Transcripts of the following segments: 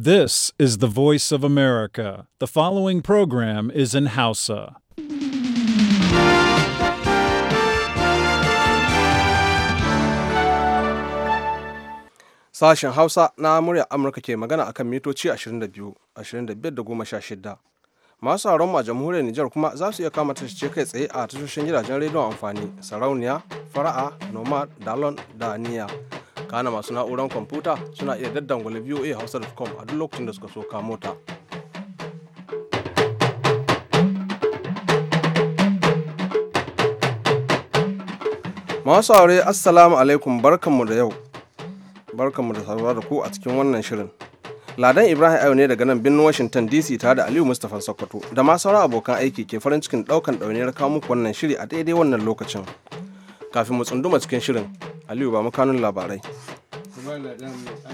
This is the voice of America. The following program is in Hausa. Sashen Hausa na murya Amurka ke magana akan mitoci 22, 25-16. Masu sauran a jamhuriyar Nijar kuma za su iya kama tashoce kai tsaye a tashoshin gidajen rediyon amfani, sarauniya, fara'a, nomad, dalon, da niya. kana masu na'urar kwamfuta suna iya daddangwale voa hausa.com a duk lokacin da suka so kamo ta masu aure assalamu alaikum barkanmu da yau barkanmu da saduwa da ku a cikin wannan shirin ladan ibrahim ayo ne daga nan birnin washington dc tare da aliyu mustapha sokoto da ma sauran abokan aiki ke farin cikin daukan dauniyar kawo muku wannan shiri a daidai wannan lokacin kafin mu tsunduma cikin shirin aliyu ba makanun labarai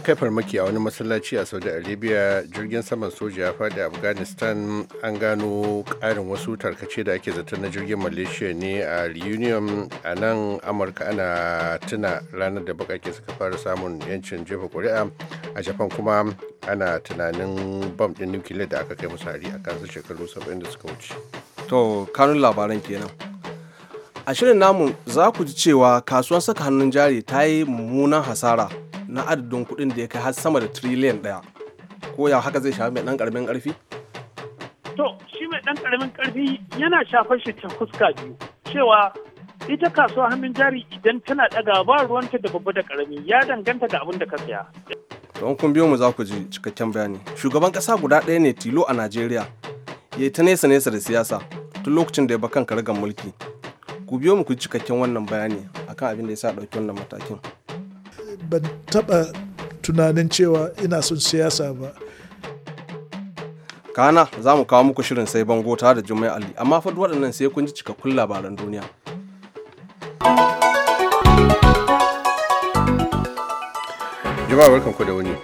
kai farmaki a wani masallaci a saudi arabia jirgin saman soja ya faɗi afghanistan an gano ƙarin wasu tarkace da ake zaton na jirgin malaysia ne a reunion a nan amurka ana tuna ranar da bakake suka fara samun yancin jefa kuri'a a japan kuma ana tunanin bam ɗin nukiliya da aka kai musu hari a kansu shekaru 70 da suka wuce to kanun labaran kenan A shirin namu za ku ji cewa kasuwar saka hannun jari ta yi mummunan hasara na adadin kuɗin da ya kai har sama da tiriliyan ɗaya. Ko ya haka zai shafi mai ɗan ƙaramin ƙarfi? To, shi mai ɗan karamin karfi yana shafar shi fuska biyu. Cewa ita kasuwar hannun jari idan tana ɗaga ba ruwanta da babba da ƙarami ya danganta da abin da ka saya. To, kun biyo mu za ku ji cikakken bayani. Shugaban kasa guda ɗaya ne tilo a Najeriya. Ya ta nesa nesa da siyasa tun lokacin da ya bakan karagar mulki. ku biyo mu ku cikakken wannan bayani akan abin da ya sa ɗauki wannan matakin ban taɓa tunanin cewa ina son siyasa ba kana za mu kawo muku shirin sai bango ta da jumai ali amma fa waɗannan sai kun ji cikakkun labaran duniya jama'a ku da wani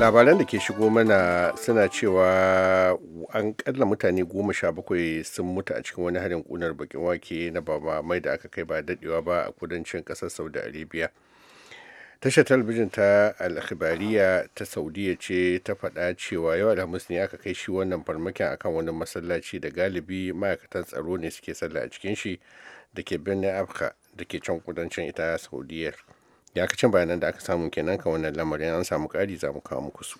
labaran da ke shigo mana suna cewa an kalla mutane goma sha bakwai sun mutu a cikin wani harin kunar bakin wake na baba mai da aka kai ba dadewa ba a kudancin kasar saudi arabia tashar talabijin ta alhibariya ta saudiya ce ta faɗa cewa yau alhamis ne aka kai shi wannan farmakin akan wani masallaci da galibi ma'aikatan tsaro ne suke sallah a cikin shi da ke birnin afka da ke can kudancin ita saudiyar Yakacin bayanan da aka samu kenan kan wannan lamarin an samu kari za mu kawo muku su.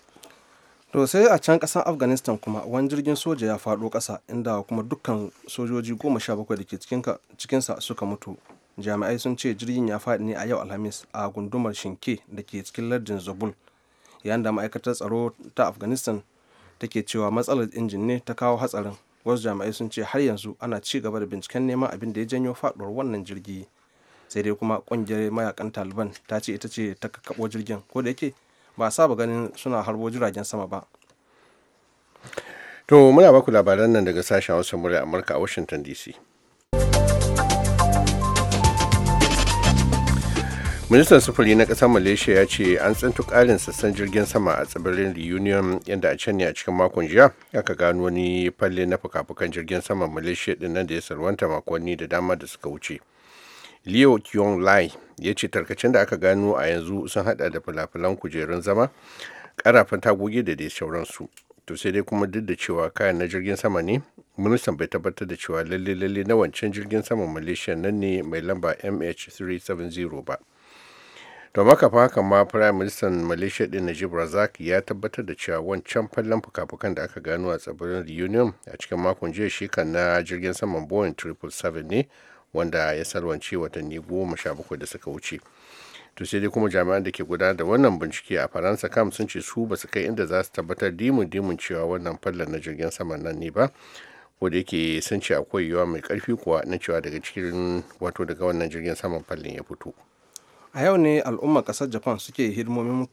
To sai a can kasan Afghanistan kuma wani jirgin soja ya faɗo ƙasa inda kuma dukkan sojoji goma sha bakwai da ke cikinsa suka mutu. Jami'ai sun ce jirgin ya faɗi ne a yau Alhamis a gundumar Shinke da ke cikin lardin Zabul. Yayin da ma'aikatar tsaro ta Afghanistan take cewa matsalar injin ne ta kawo hatsarin. Wasu jami'ai sun ce har yanzu ana ci gaba da binciken neman abin da ya janyo faɗuwar wannan jirgi. sai dai kuma kungiyar mayakan taliban ta ce ita ce ta kakkaɓo jirgin ko da yake ba a saba ganin suna harbo jiragen sama ba to muna baku labaran nan daga sashen hausa murya amurka a washington dc ministan sufuri na kasar malaysia ya ce an tsintu ƙarin sassan jirgin sama a tsibirin reunion yadda a can ne a cikin makon jiya aka gano wani falle na fuka-fukan jirgin sama malaysia din nan da ya salwanta makonni da dama da suka wuce leo kyong lai ya ce tarkacen da aka gano a yanzu sun hada da falafalan kujerun zama karafin tagogi da dai sauransu to sai dai kuma duk da cewa kayan na jirgin sama ne ministan bai tabbatar da cewa lalle lalle na wancan jirgin saman malaysia nan ne mai lamba mh370 ba to makafa haka ma prime minister malaysia din najib razak ya tabbatar da cewa wancan fallon fuka-fukan da aka gano a tsibirin union a cikin makon jiya shika na jirgin saman boeing 777 ne wanda ya salwance watanni goma sha bakwai da suka wuce to sai dai kuma jami'an da ke gudanar da wannan bincike a faransa kam sun ce su ba su kai inda za su tabbatar dimun dimun cewa wannan fallar na jirgin saman nan ne ba ko da yake sun ce akwai yawa mai karfi kuwa na cewa daga cikin wato daga wannan jirgin saman fallin ya fito a yau ne al'ummar kasar japan suke hidimomin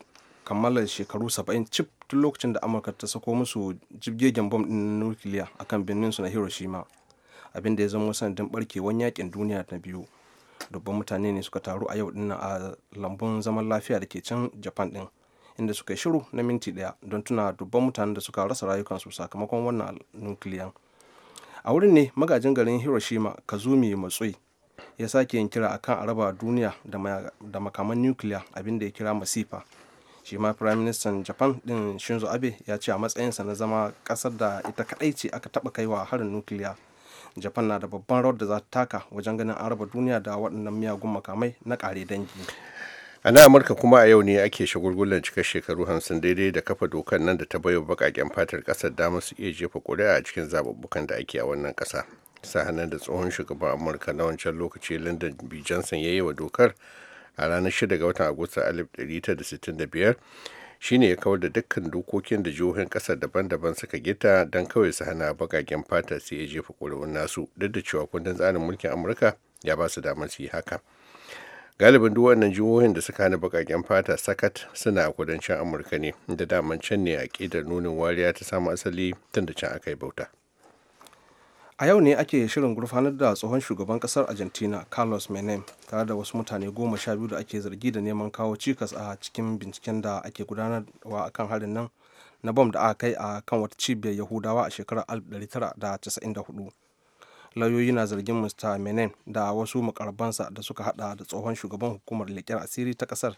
kammalar shekaru 70 cif tun lokacin da amurka ta sako musu jibgegen bom din nukiliya akan birnin su na hiroshima abinda ya zama sanadin barkewan yakin duniya na biyu dubban mutane ne suka taru a yau dinnan a lambun zaman lafiya da ke can japan din inda suka yi shiru na minti daya don tuna dubban mutane da suka rasa rayukansu sakamakon wannan nukiliyan a wurin ne magajin garin hiroshima kazumi matsui ya sake yin kira akan araba duniya da makaman nukiliya abinda ya kira masifa shi ma prime minister japan din shinzo abe ya ce a matsayinsa na zama kasar da ita kadai ce aka taba kaiwa harin nukiliya japan na da babban rawar da za ta taka wajen ganin an raba duniya da waɗannan miyagun makamai na ƙare dangi a nan amurka kuma a yau ne ake shagulgulan cikar shekaru hamsin daidai da kafa dokar nan da ta bayo bakaken fatar ƙasar damar su iya jefa ƙuri'a a cikin zaɓuɓɓukan da ake a wannan ƙasa sahanan da tsohon shugaban amurka na wancan lokaci london b johnson ya yi wa dokar a ranar 6 ga watan agusta 1965 shine ya kawar da dukkan dokokin da jihohin ƙasa daban-daban suka gita don kawai su hana bagagen fata sai ya jefa ƙuri'un nasu duk da cewa kundin tsarin mulkin amurka ya ba su damar su yi haka galibin duk wannan jihohin da suka hana bagagen fata sakat suna a kudancin amurka ne da daman can ne a ƙidar nunin wariya ta samu asali tun da can aka yi bauta a yau ne ake shirin gurfanar da tsohon shugaban kasar argentina carlos menem tare da wasu mutane goma sha biyu da ake zargi da neman kawo cikas a cikin binciken da ake gudanarwa a kan harin nan na bom da aka kai a kan wata cibiyar yahudawa a shekarar 1994 lauyoyi na zargin mr menem da wasu makarabansa da suka hada da tsohon shugaban hukumar leƙen asiri ta kasar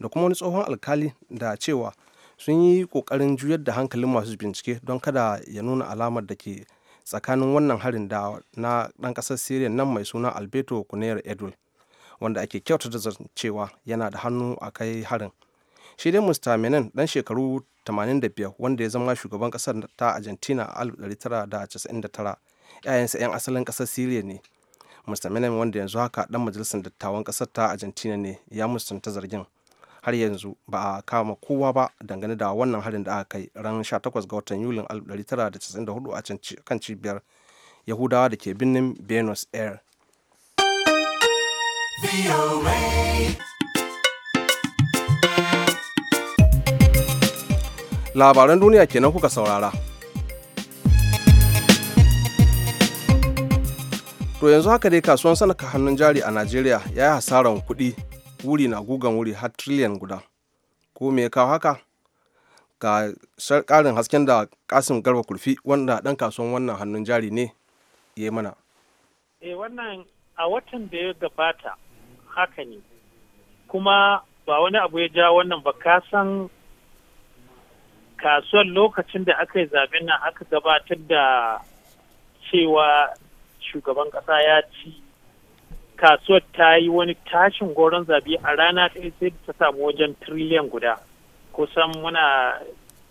da kuma wani tsohon alkali da cewa sun yi kokarin juyar da hankalin masu bincike don kada ya nuna alamar da ke tsakanin wannan harin da na ɗan ƙasar syria nan mai suna alberto kuner edul wanda ake kyauta da cewa yana da hannu a kai harin shi dai mr menen ɗan shekaru 85 wanda ya zama shugaban ƙasar ta argentina a 1999 yayansa 'yan asalin ƙasar syria ne mr menen wanda yanzu haka ɗan majalisar dattawan ƙasar ta argentina ne ya musanta zargin har yanzu ba a kama kowa ba dangane da wannan harin da aka kai ran 18 ga watan yulin 1994 a kan cibiyar yahudawa da ke birnin Benus Air. labaran duniya kenan kuka saurara to yanzu haka dai kasuwan sanaka hannun jari a najeriya ya yi hasaran kuɗi wuri na gugan wuri har trillion guda ko me ya kawo haka ga karin hasken da kasim garba kurfi wanda dan kasuwan wannan hannun jari ne ya yi mana e wannan a watan da ya gabata haka ne kuma ba wani abu ya ja wannan ba ka san lokacin da aka yi zaben nan aka gabatar da cewa shugaban kasa ya ci kasuwar ta yi wani tashin goron zabi a rana ta sai ta samu wajen triliyan guda kusan muna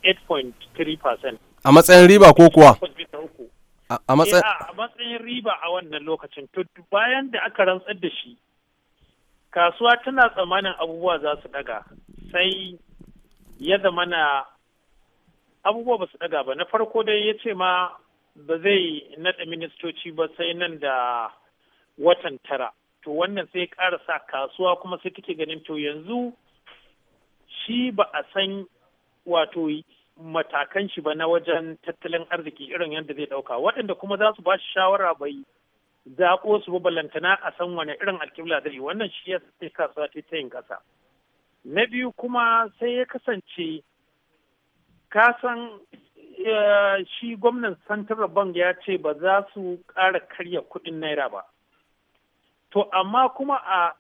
8.3% a matsayin riba ko kuwa eh, a matsayin riba a wannan lokacin to bayan da aka rantsar da shi kasuwa tana tsammanin abubuwa za su daga sai ya zama na abubuwa ba su daga ba na farko dai ya ce ma ba zai naɗa ministoci ba sai nan da watan tara to wannan sai ƙara sa kasuwa kuma sai take ganin to yanzu shi ba a san wato matakan shi ba na wajen tattalin arziki irin yadda zai ɗauka waɗanda kuma za su ba shi shawara bai zaɓo su ba balantana a san wani irin alƙibla zai wannan shi ya sai kasuwa ta yin ƙasa na biyu kuma sai ya kasance ka san eh, shi gwamnan central bank ya ce ba za su ƙara karya kuɗin naira ba to amma kuma a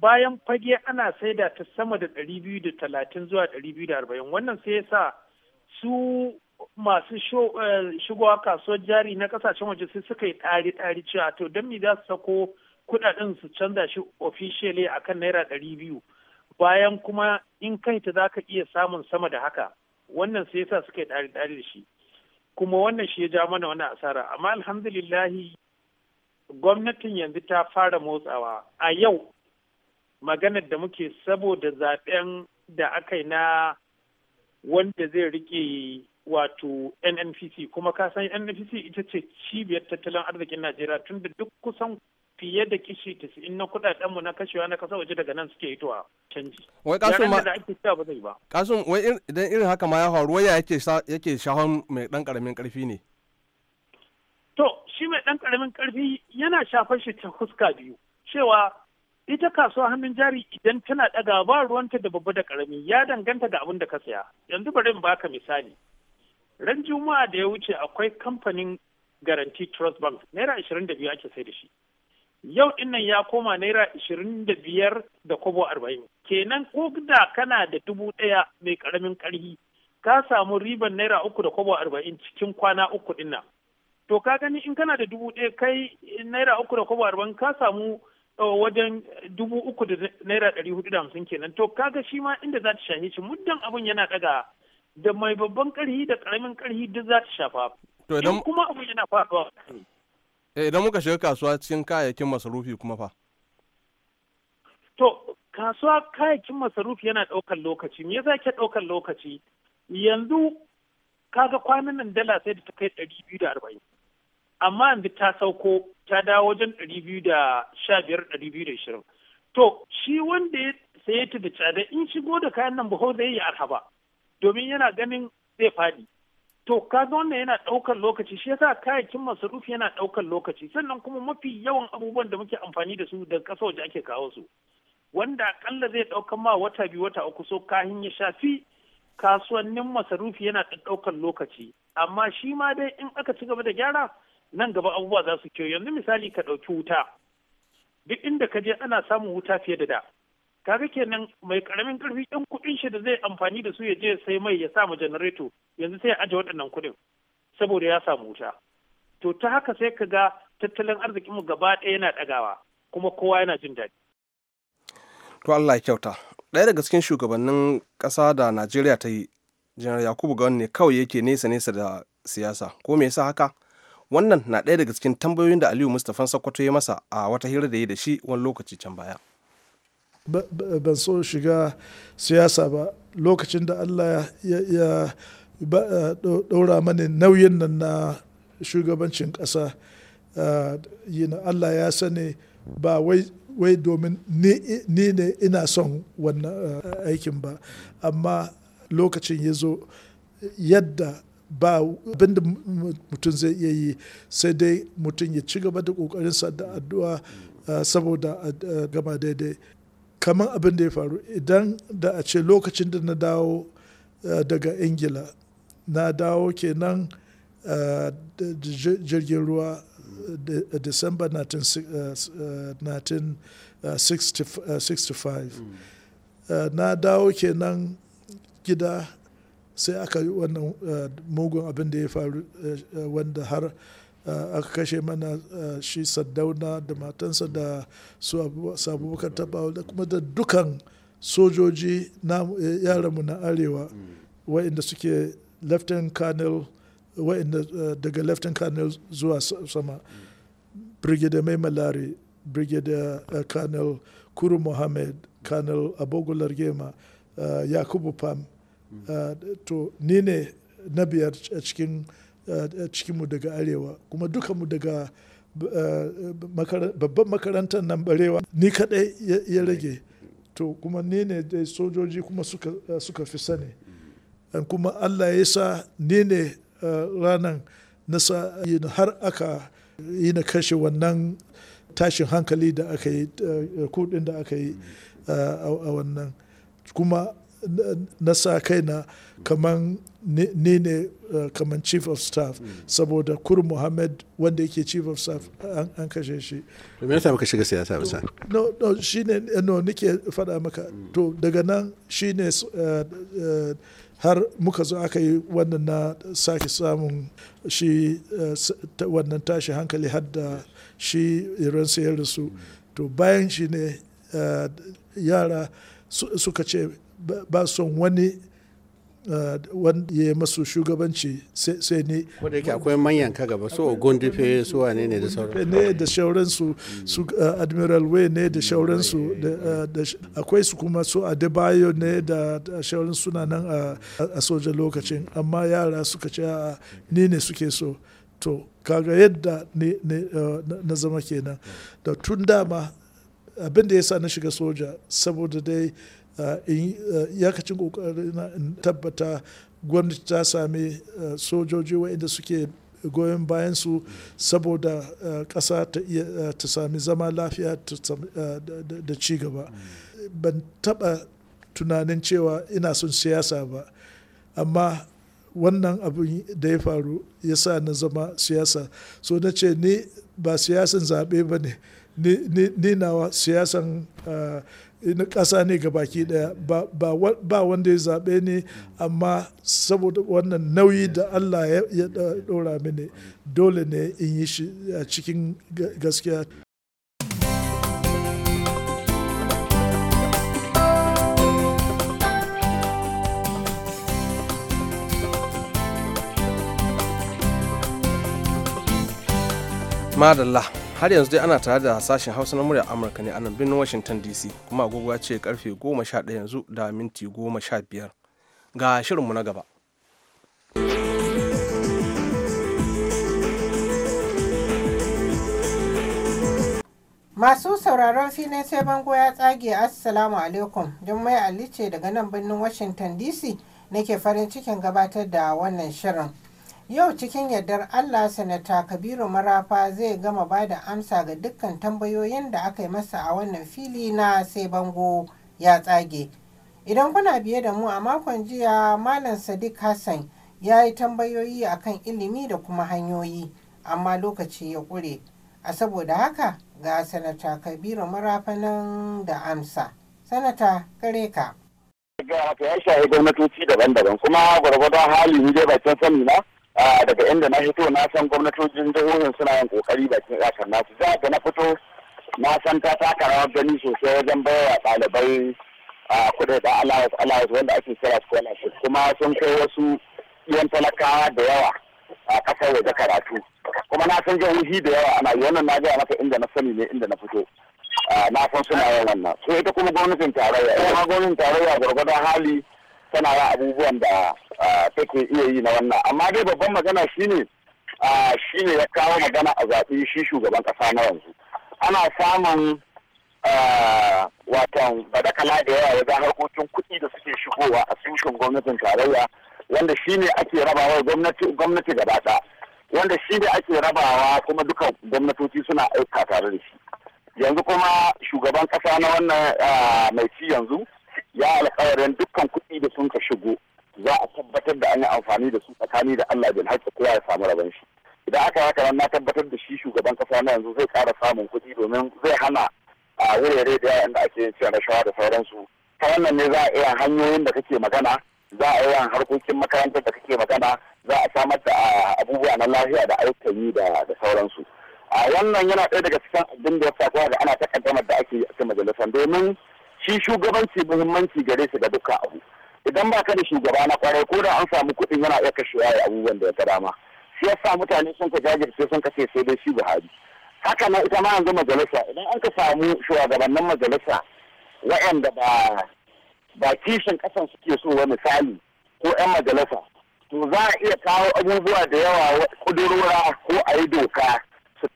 bayan fage ana saida ta sama da ɗari biyu da talatin zuwa ɗari biyu da arba'in wannan sai ya sa su masu eh, shigowa kasuwar jari na kasashen waje sai suka yi ɗari ɗari cewa to don me za su sako kuɗaɗen su canza shi officially akan naira ɗari biyu bayan kuma in kaita za ka iya samun sama da haka wannan sai ya sa suka yi ɗari ɗari da shi kuma wannan shi ya ja mana wani asara amma alhamdulillahi gwamnatin yanzu ta fara motsawa a yau maganar da muke saboda zaben da aka yi na wanda zai rike wato nnpc kuma ka san nnpc ita ce cibiyar tattalin arzikin najeriya tunda duk kusan fiye da kishi 90 na kudaden na kashewa na kasa waje daga nan suke hitowa canji wai kasu ma da ake cewa ba zai ba kasum wai idan irin haka ma ya faru waya yake yake shahon mai dan karamin karfi ne to shi mai ɗan ƙaramin ƙarfi yana shafar shi ta fuska biyu cewa ita kasuwa hannun jari idan tana ɗaga ba ruwanta da babba da ƙarami ya danganta ga abin da ka saya yanzu bari in baka misali ran juma'a da ya wuce akwai kamfanin garanti trust bank naira ashirin da biyu ake sai da shi yau dinnan ya koma naira ashirin da biyar da kobo arba'in kenan ko da kana da dubu ɗaya mai ƙaramin ƙarfi ka samu riban naira uku da kobo arba'in cikin kwana uku dinnan to ka gani in kana da dubu ɗaya kai naira uku da kwabo arba'in ka samu uh, wajen dubu uku da naira ɗari hudu da hamsin kenan to kaga shi ma inda za ta shahe shi muddan abin yana ɗaga da mai babban ƙarhi da ƙaramin ƙarhi duk za ta shafa to idan kuma abin yana faɗuwa eh, idan muka shiga kasuwa cikin kayayyakin masarufi kuma fa to kasuwa kayayyakin masarufi yana ɗaukar lokaci me yasa ke ɗaukar lokaci yanzu kaga kwanan nan dala sai da ta kai ɗari biyu da arba'in amma yanzu ta sauko ta dawo wajen ɗari biyu da sha biyar ɗari biyu da to shi wanda ya saye ta da tsada in shigo da kayan nan baho zai yi arha ba domin yana ganin zai faɗi to kaga wannan yana ɗaukar lokaci shi yasa kayayyakin masarufi yana ɗaukar lokaci sannan kuma mafi yawan abubuwan da muke amfani da su daga ƙasa waje ake kawo su wanda akalla zai ɗaukar ma wata biyu wata uku so kahin ya shafi kasuwannin masarufi yana ɗaukar lokaci amma shi ma dai in aka ci gaba da gyara nan gaba abubuwa za su kyau yanzu misali ka ɗauki wuta duk inda ka je ana samun wuta fiye da da kaga kenan mai karamin karfi ɗan kuɗin shi da zai amfani da su ya je sai mai ya sa ma janareto yanzu sai ya aje waɗannan kuɗin saboda ya samu wuta to ta haka sai ka ga tattalin arzikinmu gaba ɗaya yana ɗagawa kuma kowa yana jin daɗi. To Allah ya kyauta. Ɗaya daga cikin shugabannin ƙasa da Najeriya ta yi, Janar Yakubu ga ne kawai yake nesa nesa da siyasa. Ko me yasa haka? wannan na ɗaya daga cikin tambayoyin da aliyu mustapha sokoto ya masa a wata hira da ya da shi wani lokaci can baya ban so shiga siyasa ba lokacin da allah ya ɗaura mani nauyin nan na shugabancin ƙasa allah ya sani ba wai domin ni ne ina son wannan aikin ba amma lokacin ya zo yadda ba abinda mutum zai iya yi sai dai mutum ya ci gaba da ƙoƙarinsa da addu'a saboda gaba daidai kamar abin da ya faru idan da a ce lokacin da na dawo daga ingila na dawo kenan jirgin ruwa disamba 1965 mm. na dawo kenan gida sai aka yi wannan eh, mugun abin da ya faru eh, eh, wanda har aka kashe mana shi saddauna da matansa da su abubakar tabawa da kuma da dukan sojoji yaranmu na arewa mm. wa'inda suke leftin canal wa'inda daga leftin canal zuwa sama mm. brigadier mai malari brigadier canal kuru mohammed colonel abogular gema yakubu pam Eh, to ni ne na biyar cikin eh, cikinmu daga arewa kuma dukanmu daga eh, babban makarantar nan barewa ni kadai ya rage to kuma ni ne dai sojoji kuma suka fi sani kuma allah ya sa ni ne ranar nasa har aka yi na kashe wannan tashin hankali da aka yi kudin da aka yi a wannan kuma na sa kaina kaman ni ne uh, kaman chief of staff hmm. saboda kur muhammad wanda yake chief of staff an kashe shi me yasa baka shiga siyasa ba sa no no shine no nike fada maka hmm. to daga nan shine uh, uh, har muka zo aka yi wannan na sake samun shi wannan tashi hankali har da shi iran sayar da su hmm. to bayan shi ne yara suka ce ba son wani eh, wanda ya masu shugabanci sai ne wadda yake akwai manyan ka gaba su ogun dufe su wane ne da sauran ne da shauran su eh, admiral way ne da su eh, akwai su kuma su adebayo ne da shauran suna nan a soja lokacin amma yara suka ce ni ne suke so to kaga yadda na zama kenan da tun dama abin da ya sa na shiga soja saboda dai Eh, eh, ya kacin na in tabbata gwamnati ta sami eh, sojoji waɗanda suke goyon bayan su saboda ƙasa ta sami zama lafiya da ci gaba ban taɓa tunanin cewa ina son siyasa ba amma wannan abin da ya faru ya sa na zama siyasa so na ce ni ba siyasan zaɓe ba ne ni nawa siyasan na ƙasa ne ga baki ɗaya ba wanda ya zaɓe ne amma saboda wannan nauyi da allah ya ɗora mini dole ne in yi shi a cikin gaskiya madalla har yanzu dai ana tare da sashen hausa na murya amurka ne a nan birnin washington dc kuma agogo ce karfe 11 yanzu da minti 15 ga shirinmu na gaba masu sauraron filin sai bango ya tsage assalamu alaikum jummai mai ce daga nan birnin washington dc nake farin cikin gabatar da wannan shirin Yau cikin yardar Allah Sanata Kabiru Marafa zai gama ba da amsa ga dukkan tambayoyin da aka yi masa a wannan fili na sai bango ya tsage. Idan kuna biye da mu a makon jiya Malam Sadiq Hassan ya yi tambayoyi akan ilimi da kuma hanyoyi amma lokaci ya ƙure. A saboda haka ga Sanata Kabiru Marafa nan da amsa. Sanata kare ka. Ga ya shahi gwamnatoci daban-daban kuma gwargwadon hali dai bakin sani na daga inda na fito na san gwamnatocin jihohin suna yin kokari bakin kasar nasu za ga na fito na san ta taka rawar gani sosai wajen wa ɗalibai kuɗaɗen allowance allowance wanda ake kira scholarship kuma sun kai wasu yan talakawa da yawa a kasar waje karatu kuma na san jihohi da yawa ana yi wannan na gaya maka inda na sani ne inda na fito na san suna yin wannan so ita kuma gwamnatin tarayya ita gwamnatin tarayya gwargwadon hali tana yin abubuwan da take iya yi na wannan amma dai babban magana shine shine ya kawo magana a zaɓi shi shugaban kasa na yanzu ana samun watan badakala da yawa wajen harkokin kuɗi da suke shigowa a tushen gwamnatin tarayya wanda shine ake rabawa gwamnati gaba wanda shine ake rabawa kuma duka gwamnatoci suna aika tare da shi yanzu kuma shugaban kasa na wannan mai ci yanzu ya alƙawarin dukkan kuɗi da sun ka shigo za a tabbatar da an yi amfani da su tsakani da Allah bil har kowa ya samu rabon shi idan aka haka nan na tabbatar da shi shugaban kasa na yanzu zai ƙara samun kuɗi domin zai hana a wurare da yayin da ake yin cin rashawa da sauransu ta wannan ne za a iya hanyoyin da kake magana za a iya harkokin makarantar da kake magana za a samar da abubuwa na lafiya da ayyukan yi da sauransu a wannan yana ɗaya daga cikin abin da ya faruwa da ana takaddamar da ake yi a cikin majalisar domin shi shugabanci muhimmanci gare su ga duka abu idan ba ka da shugaba na kwarai ko da an samu kuɗin yana iya kashewa ya abubuwan da ya ta dama shi ya sa mutane sun ka jajirce sun kace sai dai shi Buhari haka na ita ma yanzu majalisa idan an ka samu shugabannin majalisa waɗanda ba ba kishin ƙasan suke so wa misali ko 'yan majalisa to za a iya kawo abubuwa da yawa ƙudurora ko a yi doka su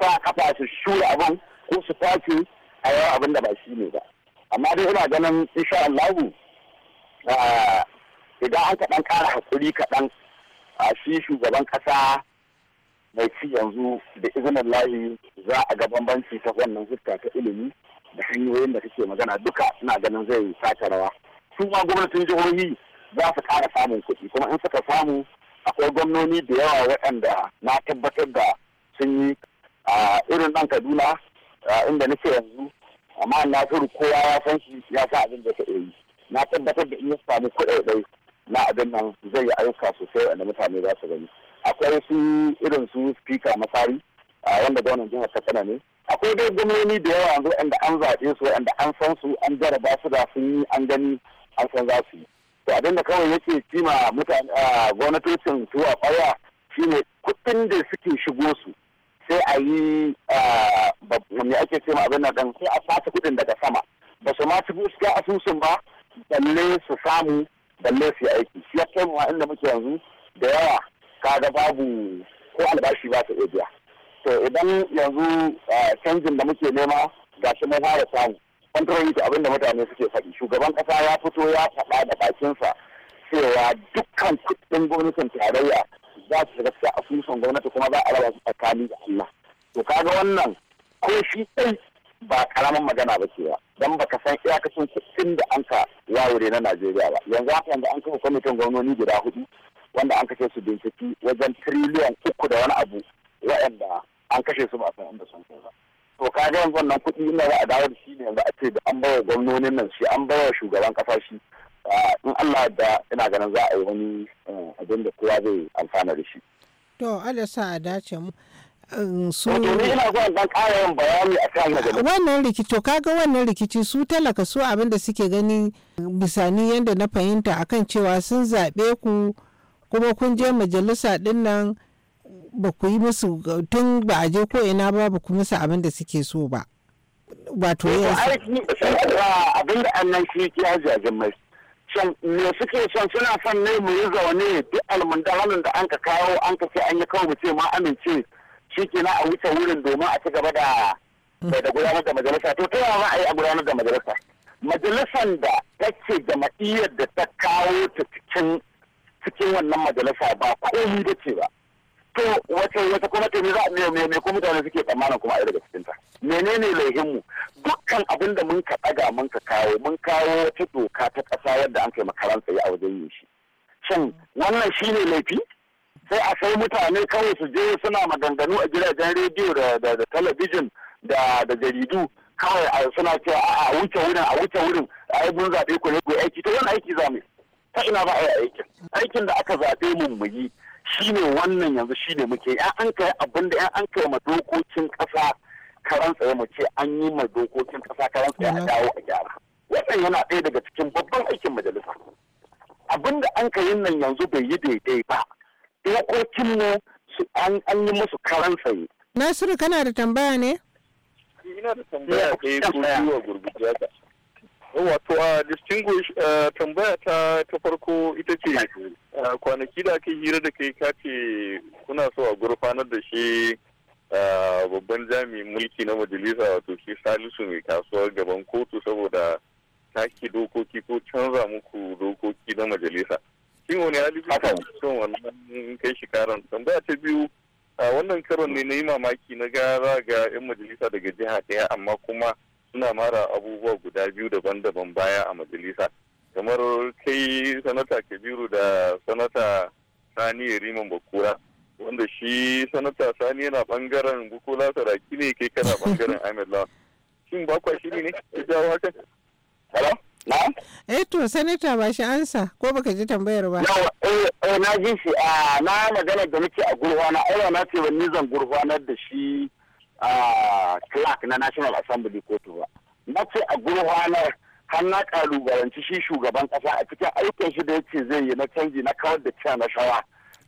sa kafa su shura abin ko su tace a yawa abin da ba shi ne ba amma dai ina ganin insha Allahu ah, idan an kaɗan ƙara hakuri kaɗan a ah, shi shugaban ƙasa mai ci yanzu da izinin lahi za a ga bambanci ta wannan huska ta ilimi da hanyoyin da kake magana duka ina ganin zai sake rawa su ma gwamnatin jihohi za su ƙara samun kuɗi kuma in suka samu akwai gwamnoni da yawa waɗanda na tabbatar da sun yi ah, irin ɗan kaduna inda nake yanzu amma na nasiru kowa ya san shi ya sa abin da ta yi na tabbatar da in ya samu kuɗaɗai na abin nan zai yi ayyuka sosai wanda mutane za su gani akwai su irin su speaker masari wanda gwamnan jihar katsina ne akwai dai gwamnoni da yawa yanzu wanda an zaɓe su an san su an jaraba su da sun yi an gani an san za su yi to abin da kawai yake cima mutane gwamnatocin a ƙwarya shine kuɗin da suke shigo su sai a yi wani eh, ake ce ma abin nan dan sai a sata kuɗin daga sama ba su ma ci cikin asusun ba balle su samu balle su yi aiki shi ya kai mu inda muke yanzu da yawa kaga babu ko albashi ba su ebiya to idan yanzu eh, canjin da muke nema ga shi mun fara samu kwantarori da abin da mutane suke faɗi shugaban ƙasa ya fito ya faɗa da bakinsa cewa dukkan kuɗin gwamnatin tarayya za su shiga cikin asusun gwamnati kuma za a raba su tsakani da Allah to kaga wannan ko shi kai ba karamin magana ba ce ba dan ka san iyakacin kuɗin da an ka wawure na Najeriya ba yanzu haka yanzu an kafa kwamitin gwamnoni guda hudu wanda an kashe su binciki wajen tiriliyan uku da wani abu wa'anda an kashe su ba san inda sun kai ba to ka ga yanzu wannan kuɗi ina za a dawo da shi ne yanzu a ce da an bawa gwamnonin nan shi an bawa shugaban kasa shi in Allah da ina ganin za a yi wani eh, abin da kowa zai amfana da shi. To, Allah sa a dace mu. su wannan rikici kaga wannan rikici su talaka su abin da suke gani bisani yadda na fahimta akan cewa sun zaɓe ku kuma kun je majalisa ɗin nan ba ku yi musu tun ba a je ko ina ba ba ku musu abin da suke so ba wato yau abin da annan shi ya jajin mai son me suke son suna son ne mu yi zaune duk almundahanin da an ka kawo an ka ce an yi kawo ce ma amince shi kenan a wuce wurin domin a ci gaba da da gudanar da majalisa to ta yawa a yi a gudanar da majalisa majalisan da ta ce jama'iyyar da ta kawo ta cikin cikin wannan majalisa ba komi da ce ba to wace wata kuma ta za me me ko mutane suke tsammanin kuma a daga cikin ta menene laihin mu dukkan abin da mun ka daga mun ka kawo mun kawo wata doka ta ƙasa yadda an kai makaranta ya a wajen yin shi shin wannan shine laifi sai a kai mutane kawai su je suna maganganu a gidajen rediyo da talabijin da jaridu kawai a suna cewa a wuce wurin a wuce wurin a yi mun zaɓe ku ne ku aiki to wani aiki za mu ta ina ba a yi aikin aikin da aka zaɓe mun mu yi shine wannan yanzu shine muke ya an kai abin da an kai ma dokokin kasa karan tsaye mu ce an yi ma dokokin kasa karan tsaye a dawo a gyara wannan yana ɗaya daga cikin babban aikin majalisa abin da an kai nan yanzu bai yi daidai ba dokokin ne an yi musu karan tsaye nasiru kana da tambaya ne ina da tambaya kai ko wa gurgurta wato a distinguish eh, tambaya ta ta farko ita ce eh, kwanaki da aka hira da kai ka kuna so a gurfanar da shi eh, babban jami'in mulki na majalisa wato shi salisu mai kasuwar gaban kotu saboda take dokoki ko canza muku dokoki na majalisa shin wani halittu ta cikin wannan kai shi karan tambaya ta biyu wannan karon ne na yi mamaki na gara ga 'yan majalisa daga jiha ɗaya amma kuma suna mara abubuwa guda biyu daban-daban baya a majalisa kamar kai sanata kabiru da sanata sani riman bakura wanda shi sanata sani yana bangaren bukola saraki ne kai kana bangaren ahmed lawan shin ba kwa shiri ne ya jawo hakan hello na eh to sanata ba shi ansa ko baka ji tambayar ba eh, eh, na ji shi ah, na magana da muke a gurfana ai na ce wani zan gurfanar da shi clerk na national assembly kotu ba na ce a gurfanar har na kalubalanci shi shugaban kasa a cikin aikin shi da ya ce zai yi na canji na kawar da na shawa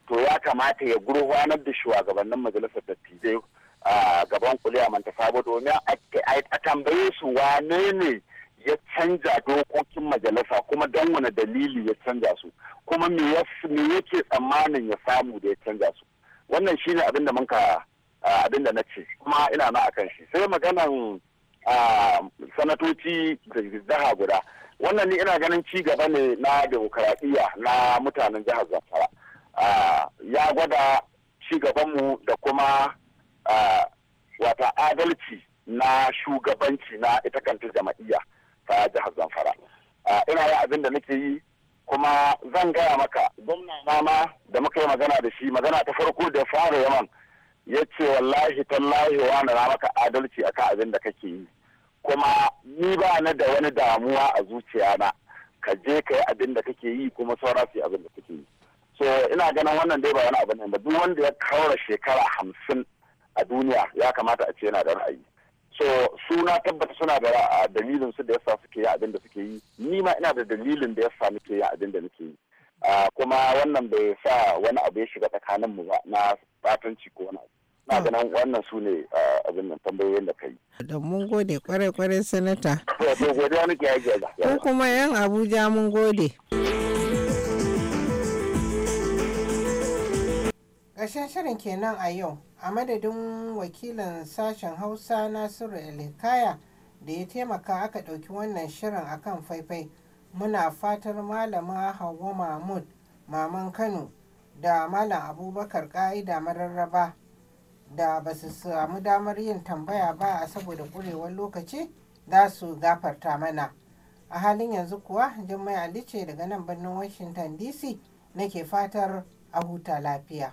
to ya kamata ya gurfanar da shugabannin majalisar dattijai a gaban kuliya manta sabo domin a tambaye su wane ne ya canja dokokin majalisa kuma don wani dalili ya canja su kuma me yake tsammanin ya samu da ya canja su wannan shine abin da mun ka abin da na ce kuma ina na akan shi sai maganan sanatoci da jiha guda wannan ni ina ganin ci gaba ne na demokaradiyya na mutanen jihar zamfara ya gwada ci gabanmu da kuma wata adalci na shugabanci na ita kanta jama'iyya ta jihar zamfara ina yi abin da nake yi kuma zan gaya maka gwamna ma da muka yi magana da shi magana ta farko da fara yaman ya ce wallahi tallahi wa na maka adalci akan abin da kake yi kuma ni ba na da wani damuwa a zuciya na ka je ka yi abin da kake yi kuma saura su abin da kake yi so ina ganin wannan dai ba wani abu ne ba duk wanda ya kaura shekara hamsin a duniya ya kamata a ce yana da ra'ayi so suna tabbata suna da dalilin su da yasa suke yi abin da suke yi ni ma ina da dalilin da yasa nake yi abin da nake yi kuma wannan bai sa wani abu ya shiga tsakanin mu ba na batanci ko wani abu na hmm. ganin wannan su ne abin nan tambayoyin da kai da mun gode kwarai kwarai sanata to ko kuma yan abuja mun gode ƙarshen shirin kenan a yau a madadin wakilin sashen hausa nasiru elikaya da ya taimaka aka ɗauki wannan shirin akan faifai muna fatar malama Hauwa mahmud maman kano da malam abubakar ƙa'ida mararraba da ba su samu damar yin tambaya ba a saboda ƙurewar lokaci za su gafarta mana a halin yanzu kuwa jummai ali ce daga nan birnin washington dc nake fatar a huta lafiya.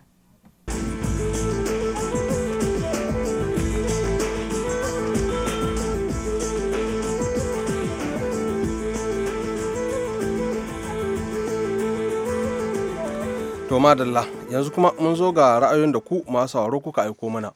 To madalla yanzu kuma mun zo ga ra'ayoyin da ku masu sauraro kuka aiko mana.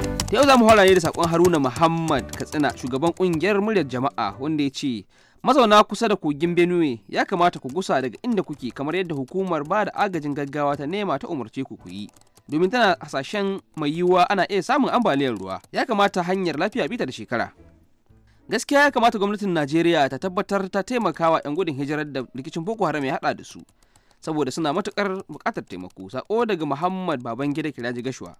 ta yau za mu ne da saƙon Haruna Muhammad Katsina shugaban ƙungiyar muryar jama'a wanda ya ce mazauna kusa da kogin Benue ya kamata ku gusa daga inda kuke kamar yadda hukumar ba da agajin gaggawa ta nema ta umarce ku ku yi. domin tana hasashen mai yiwuwa ana iya samun ambaliyar ruwa ya kamata hanyar lafiya bita da shekara gaskiya ya kamata gwamnatin najeriya ta tabbatar ta taimakawa wa 'yan gudun hijirar da rikicin boko haram ya hada da su saboda suna matukar bukatar taimako sako daga muhammad babangida kiraji gashuwa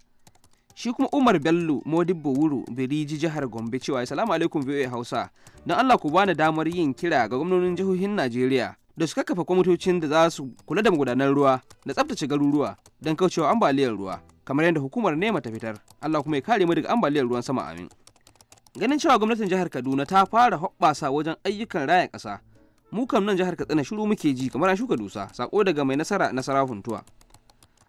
shi kuma umar bello modibbo wuro biriji jihar gombe cewa salamu alaikum voa hausa don allah ku bani damar yin kira ga gwamnonin jihohin najeriya da su kafa kwamitocin da za su kula da magudanar ruwa da tsabtace garuruwa don kaucewa ambaliyar ruwa kamar yadda hukumar nema ta fitar allah kuma ya kare mu daga ambaliyar ruwan sama amin ganin cewa gwamnatin jihar kaduna ta fara hoɓɓasa wajen ayyukan raya ƙasa mu kam nan jihar katsina shiru muke ji kamar an shuka dusa sako daga mai nasara nasara funtuwa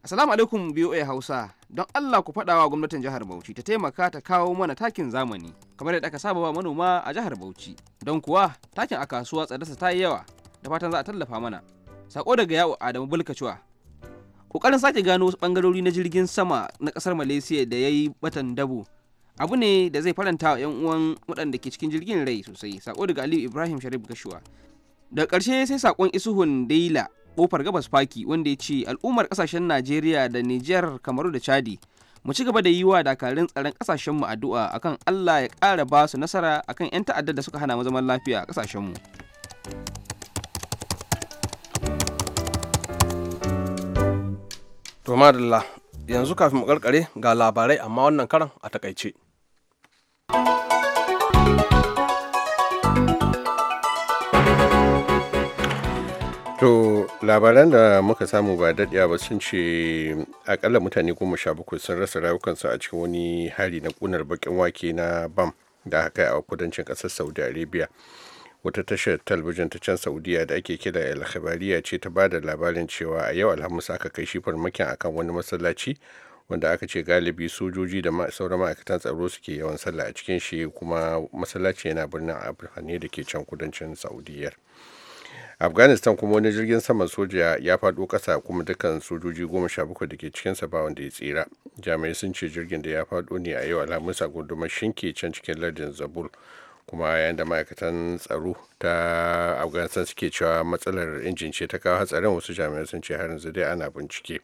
assalamu alaikum boa hausa don allah ku faɗawa gwamnatin jihar bauchi ta taimaka ta kawo mana takin zamani kamar yadda aka saba ba manoma a jihar bauchi don kuwa takin a kasuwa tsadarsa ta yi yawa da fatan za a tallafa mana sako daga yawo adamu bulkacewa kokarin sake gano wasu bangarori na jirgin sama na kasar malaysia da ya yi batan dabo abu ne da zai faranta wa 'yan uwan waɗanda ke cikin jirgin rai sosai sako daga aliyu ibrahim sharif gashuwa da ƙarshe sai sakon isuhun daila kofar gabas faki wanda ya ce al'ummar ƙasashen najeriya da nijar kamaru da chadi mu ci gaba da yi wa dakarun tsaron ƙasashen mu addu'a akan allah ya ƙara ba su nasara akan 'yan ta'addar da suka hana mu zaman lafiya a ƙasashen mu to madalla yanzu kafin mu karkare ga labarai amma wannan karan a takaice. To labaran da muka samu ba daɗiya ba sun ce akalla mutane goma sha bakwai sun rasa rayukansu a cikin wani hari na ƙunar baƙin wake na bam da aka yi a kudancin ƙasar Saudi Arabia. wata tashar talabijin ta can saudiya da ake kira alkhabariya ce ta ba da labarin cewa a yau alhamis aka kai shi farmakin akan wani masallaci wanda aka ce galibi sojoji da sauran ma'aikatan tsaro suke yawan sallah a cikin shi kuma masallaci yana birnin abuhane da ke can kudancin saudiyar afghanistan kuma wani jirgin saman soja ya fado kasa kuma dukkan sojoji goma sha bakwai da ke cikinsa ba wanda ya tsira jami'ai sun ce jirgin da ya fado ne a yau alhamis a gundumar shinke can cikin lardin zabul kuma yayin da ma'aikatan tsaro ta afghanistan suke cewa matsalar injin ce ta kawo hatsarin wasu jami'an sun ce har yanzu dai ana bincike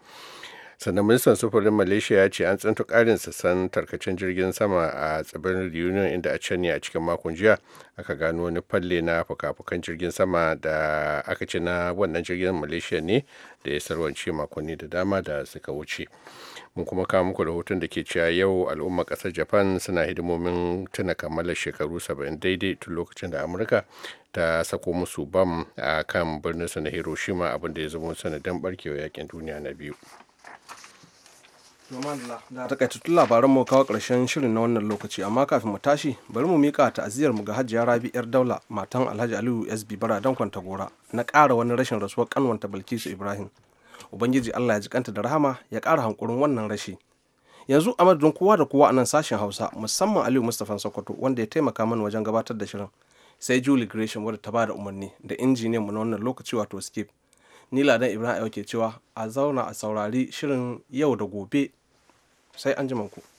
sannan ministan sufurin malaysia ya ce an tsinto karin sassan tarkacen jirgin sama a tsibirin reunion inda a can a cikin makon jiya aka gano wani falle na fuka jirgin sama da aka ce na wannan jirgin malaysia ne da ya sarwance makonni da dama da suka wuce mun kuma kawo muku rahoton da ke cewa yau al'ummar ƙasar japan suna hidimomin tuna kammalar shekaru 70 daidai tun lokacin da amurka ta sako musu bam a kan birnin su na hiroshima abinda ya zama sanadin barkewa yakin duniya na biyu takaitattun labaran mu kawo ƙarshen shirin na wannan lokaci amma kafin mu tashi bari mu mika ta'aziyar mu ga hajiya rabi yar daula matan alhaji aliyu sb bara don kwanta gora na ƙara wani rashin rasuwar kanwanta bilkisu ibrahim ubangiji allah ya jikanta da rahama ya ƙara hankurin wannan rashi yanzu a madadin kowa da kowa a nan sashen hausa musamman aliyu mustapha sokoto wanda ya taimaka mana wajen gabatar da shirin sai julie gresham wadda ta bada umarni da injiniyan mu na wannan lokaci wato skip ni ladan ibrahim ke cewa a zauna a saurari shirin yau da gobe sai an ku.